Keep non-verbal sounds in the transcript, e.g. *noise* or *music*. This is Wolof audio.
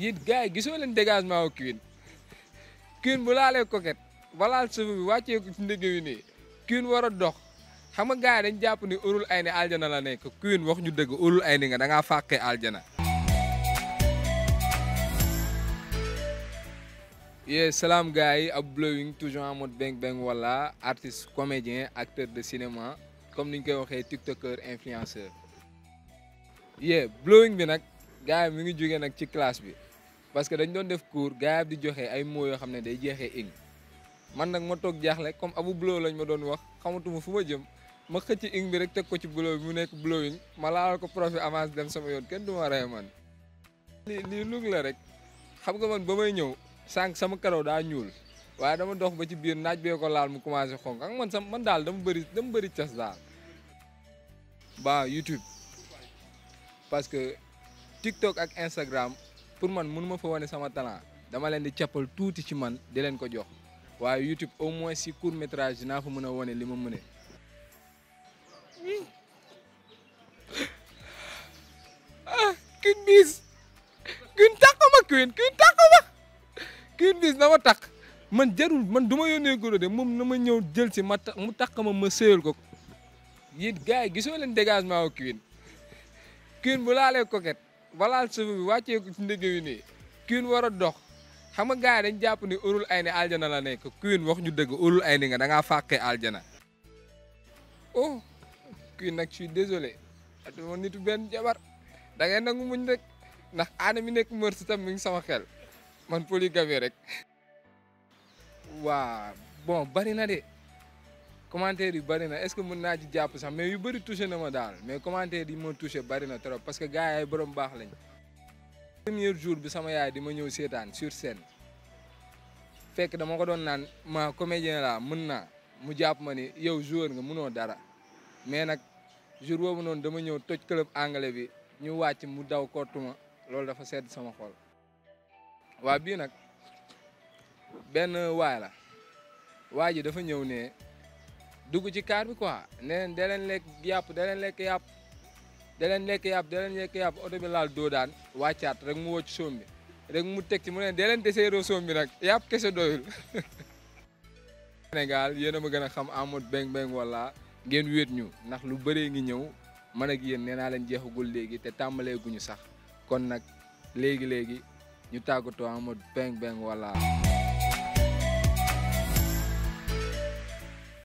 yéen gars gisoo leen dégagement wu Queen Queen bu laalee coquette walaal suuf bi wàccee ko ci ndege wi nii Queen war dox xam nga dañ jàpp ni urul ay aljana la nekk Queen wax ñu dëgg urul ay ni nga da ngaa fàqee aljana. yee salaam gai, yi ab blowing toujours en beng beng wala artiste comédien acteur de cinéma comme niñ koy waxee tiktoker influenceur. yee blowing bi nag. gars mi ngi jógee nag ci classe bi parce que dañ doon def cours gars di joxe ay mots yoo xam ne day jeexee ing man nag ma toog jaaxle comme abu bulo lañ ma doon wax xamatuma fu ma jëm ma xëcc ing bi rek teg ko ci bulo bi mu nekk bulo ing ma laal ko prof bi avance dem sama yoon kenn du ma rey man. lii lii lug la rek xam nga man ba may ñëw sànq sama karaw daa ñuul waaye dama dox ba ci biir naaj bee ko laal mu commencé xonk ak man sama man daal dama bëri dama bëri cas daal. ba YouTube parce que TikTok ak Instagram. pour man mënu ma fa wane sama talent dama leen di cappal tuuti ci man di leen ko jox waaye YouTube au moins si court métrage dinaa fa mën a wane li ma mëne ah Queen Biz Queen takk ma Queen Queen takk na ma takk man jarul man du ma yónnee góor de moom na ma ñëw jël si ma mu takk ma ma sëyal ko yit gars yi gisoo leen dégagement wu Queen bu laalee coquette wala suuf bi wàcceeku ci ndege yu nii Queen war a dox xam nga gars yi dañ jàpp ni urul ay ni aljana la nekk Queen wax ñu dëgg urul ay ni nga da ngaa fàqee aljana oh Queen nag je suis désolé dama nitu benn jabar da ngay nangu muñ rek ndax aana mi nekk mër si tam mi ngi sama xel man rek waa bon bari na de commentaire yu bari na est ce que mën naa ci jàpp sax mais yu bari touché na ma daal mais commentaire yi ma touché bari na trop parce que gars ay borom baax lañ. premier jour bi sama yaay di ma ñëw seetaan sur scène fekk dama ko doon naan ma comédien la mën naa mu jàpp ma ni yow joueur nga mënoo dara mais nag jour boobu noonu dama ñëw toj club anglais bi ñu wàcc mu daw kottuma loolu dafa sedd sama xol. waa bii nag benn waay la waa ji dafa ñëw ne. dugg ci kaar bi quoi nee leen da lekk yàpp da leen lekk yàpp da leen lekk yàpp da leen lekk yàpp oto bi laal doo daan wàccaat rek mu wocc soom bi rek mu teg ci mu ne dee leen deseeroo soom bi nag yàpp kese doyul *laughs* Sénégal yéen a ma gën a xam amut beng beng wala ngeen wéet ñu ndax lu bëree ngi ñëw man ak yéen nee naa leen jeexagul léegi te tàmbaleeguñu sax kon nag léegi-léegi ñu tàggatoo amut beng beng wala